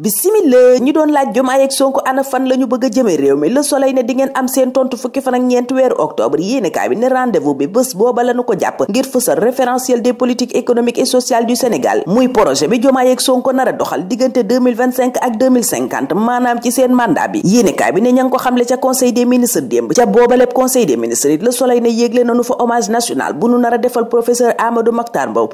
bisimila ñi doon laaj Jomaay ak Sonko ana fan la ñu bëgg a jëme réew mi Le Soleil ne di ngeen am seen tontu fukki fan ak ñeent weeru octobre yéenekaay bi ne rendez-vous bi bés booba la ko jàpp ngir fësal référentiel des politiques économiques et sociales du Sénégal muy projet bi Jomaay ak Sonko nar a doxal diggante 2025 ak 2050 maanaam ci seen mandat bi yéenekaay bi ne ña ko xamle ca conseil des ministres démb ca boobaleb conseil des ministres Le Soleil ne yéegle a defal professeur Amadou Makhtar Mbow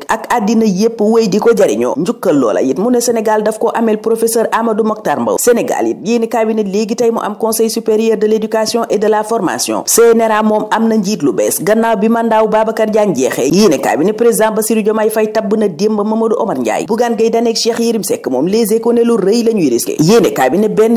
Afrique ak àddina yépp wéy di ko jariñoo njukkal loola it mu Sénégal daf ko amel professeur Amadou Mokhtar Mbow Sénégal it yéeni cabinet léegi tey mu am conseil supérieur de l'éducation et de la formation CNRA moom am na njiit lu bees gannaaw bi mandaaw Babacar Diagne jeexee yéeni cabinet président Bassirou Diomaye Faye tabb na démb Mamadou Omar Ndiaye Bougane Gueye Dany ak Yérim Seck moom les échos ne lu rëy la ñuy yéene cabinet benn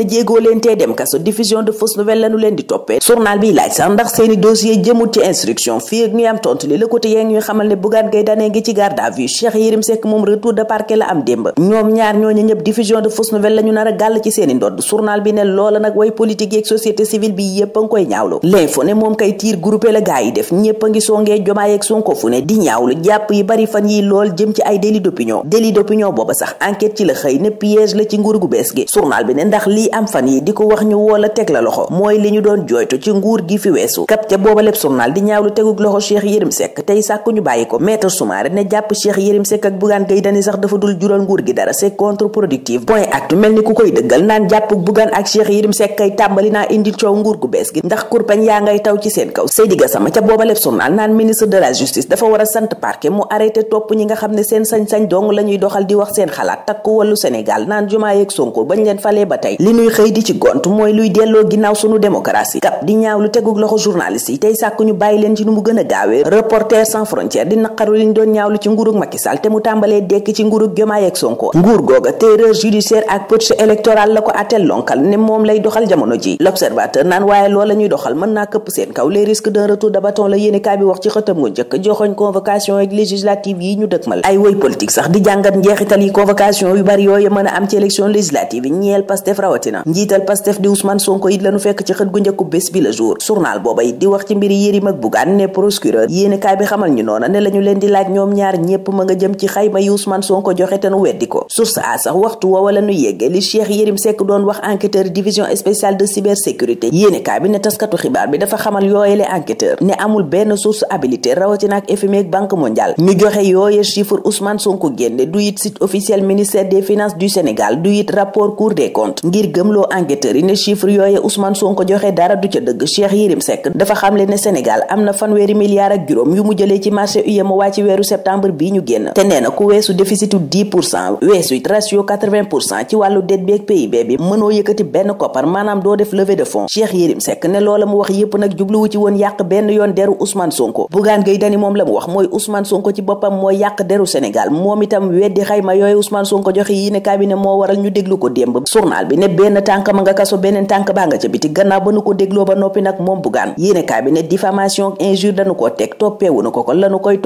garde à vue Cheikh Yérim Seck moom retour de parquet la am démb ñoom ñaar ñooñu ñëpp diffusion de fausse nouvelle la ñu gàll ci seeni ndodd journal bi ne loola nag way politique yeeg société civile bi yépp koy ñaawlu l'info moom kay tiir groupé la gaa yi def ñépp a ngi songee jomaay ak Sonko fu ne di ñaawlu jàpp yi bari fan yi lool jëm ci ay délit d'opinion délit d'opinion booba sax enquête ci la xëy ne piège la ci nguur gu bees gi journal bi li ñu doon jooytu ci nguur gi fi weesu kap jàpp Cheikh Yérim Seck ak Bougane Gueye Dany sax dafa dul jural nguur gi dara c'est contre-productif point actu mel ni ku koy dëggal naan jàpp Bougane ak Cheikh Yérim Seck kay tàmbali naa indi coow nguur gu bees gi ndax kurpañ yaa ngay taw ci seen kaw Seydi Gassama ca boobaleb journal naan ministre de la justice dafa war a sant parquet mu arrêté topp ñi nga xam ne seen sañ-sañ dong la doxal di wax seen xalaat takku wàllu Sénégal naan jumaa yeeg a ci nguurug Macky Sall te mu tàmbalee dekk ci nguurug Diomaye ak Sonko nguur googa terreur judiciaire ak putsch électoral la ko atel lonkal ne moom lay doxal jamono ji l'observateur naan waaye loola ñuy doxal mën naa këpp seen kaw les risques d'un retour de la yéenekaay bi wax ci xëtam gu njëkk joxoñ convocation ak législative yi ñu dëkmal ay woy politique sax di jàngat njeexital yi convocation yu bari yooyu mën a am ci élection législative yi ñeel Pastef wax ci mbiri leen di laaj ñoom ñaar ñépp ma nga jëm ci xayma yi Ousmane Sonko joxe ko a sax waxtu woowa la nu de cybersécurité yéene kaa bi ne taskatu xibaar bi dafa xamal yooyele enquêteur ne amul benn source habilité rawatina ak FMI joxe dara du ca dëgg Cheikh Yérim Seck dafa xamle ne Sénégal am na fanweeri milliards ak juróom yu mu jëlee ci marché UEMOA ci weeru septembre décembre bi ñu génn te nee na ku weesu déficitu 10 pour cent weesu ratio 80 pour cent ci wàllu det bi ak PIB bi mënoo yëkkati benn koppar maanaam doo def levée de fonds Cheikh Yérim Seck ne loola mu wax yépp nag jubluwu ci woon yàq benn yoon deru Ousmane Sonko Bougane Gueye Dany moom la mu wax mooy Ousmane Sonko ci boppam mooy yàq deru Sénégal moom itam weddi xayma yooyu Ousmane Sonko joxe yi ne moo waral ñu déglu ko démb journal bi ne benn tànk ma nga kaso beneen tànk baa nga ca biti gannaaw ba nu ko dégloo ba noppi nag moom Bougane yéene cabinet diffamation ko teg toppeewunu ko ko lanu koy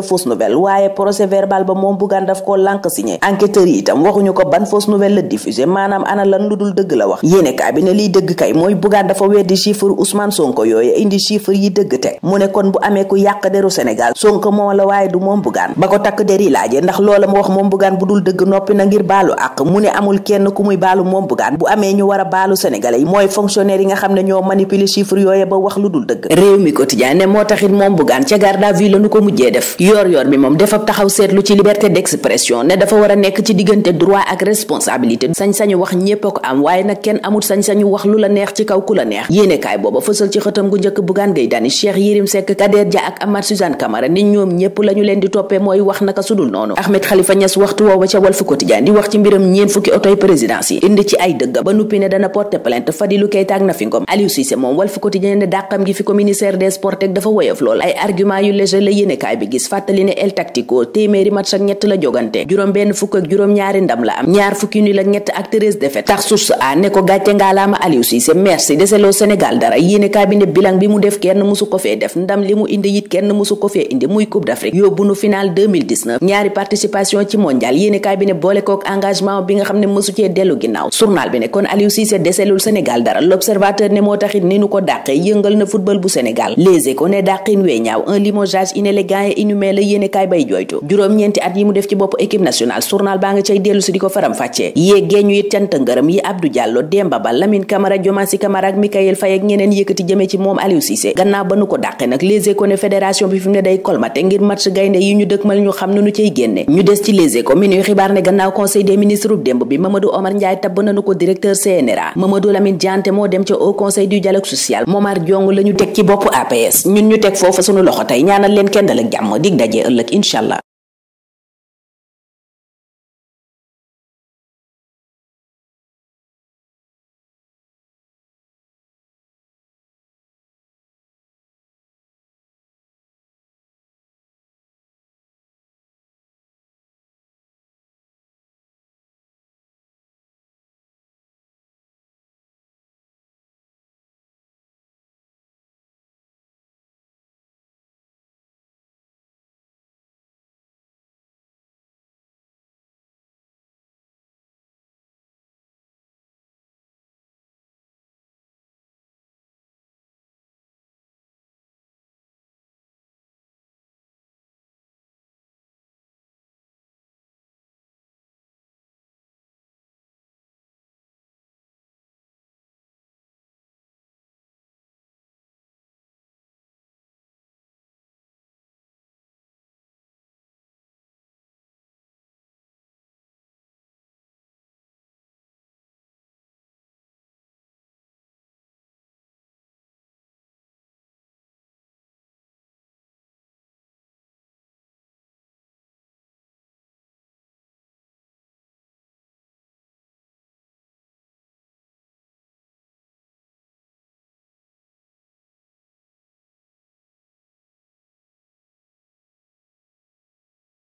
de fausse nouvelle waaye procès verbal ba moom Bougane daf koo lànk signé enquêteurs yi itam waxuñu ko ban fausse nouvelle la diffusé maanaam ana lan lu dul dëgg la wax yéene kaa bi ne liy dëgg kay mooy Bougane dafa weddi chiffre Ousmane Sonko yooye indi chiffre yi dëgg teg mu ne kon bu amee ku yàq deru Sénégal Sonko moom la waaye du moom Bougane ba ko takk der ndax loola mu wax moom Bougane bu amee ñu war a baalu Sénégalais yi mooy fonctionnaire yi nga xam yoor yoor bi moom dafa taxaw seetlu ci liberté d'expression ne dafa war a nekk ci diggante droit ak responsabilité sañ-sañu wax ñépp ko am waaye nag kenn amul sañ-sañu wax lu la neex ci kaw ku la neex yéenekaay booba fësal ci xëtam gu njëkk Bougane Gueye Dany Cheikh Yérim Seck Kader Dia ak Amath Suzanne Camara nit ñoom ñépp la leen di toppee mooy wax naka sudul noonu Ahmed Khalifa Niass waxtu woowa ca Walf Quotidien di wax ci mbiram ñeen fukki otoy fàttali ne El Tactico téeméeri match ak ñett la jogante juróom benn fukk ak juróom ñaari ndam la am ñaar fukki nul ak ñett ak treize défaite tax sus a ne ko gàcce ngaalaama Aliou Cissé merci deseloo Sénégal dara yéene kaa bi ne bilan bi mu def kenn musu ko fee def ndam li mu indi it kenn musu ko fee indi muy Coupe d'Afrique yóbbu nu final ñaari participation ci mondial yéene kaa bi ne boole kook engagement bi nga xam ne mësu cee dellu ginnaaw journal bi ne kon Aliou Cissé deselul Sénégal dara l'observateur ne moo taxit ni nu ko na bu Sénégal moomee yéene kaay bay jooytu juróom-ñeenti at yi mu def ci bopp équipe nationale journal baa nga cay dellu di ko faram fàccee yéegee ñu it ngërëm yi Abdou Diallo Demba Ba Lamine Camara Diomansy ci gaynde yi ñu dëkkmal ñu xam nanu cay génne ñu des ci Les Échos mi ñuy xibaar ne gannaaw conseil des ministres bu démb bi Mamadou Omar Ndiaye tabb nanu ko directeur CNRA Mamadou Lamine Diante moo dem ca Haut Conseil du dialogue social Momar Diong la ñu dig daje ëllëg incha allah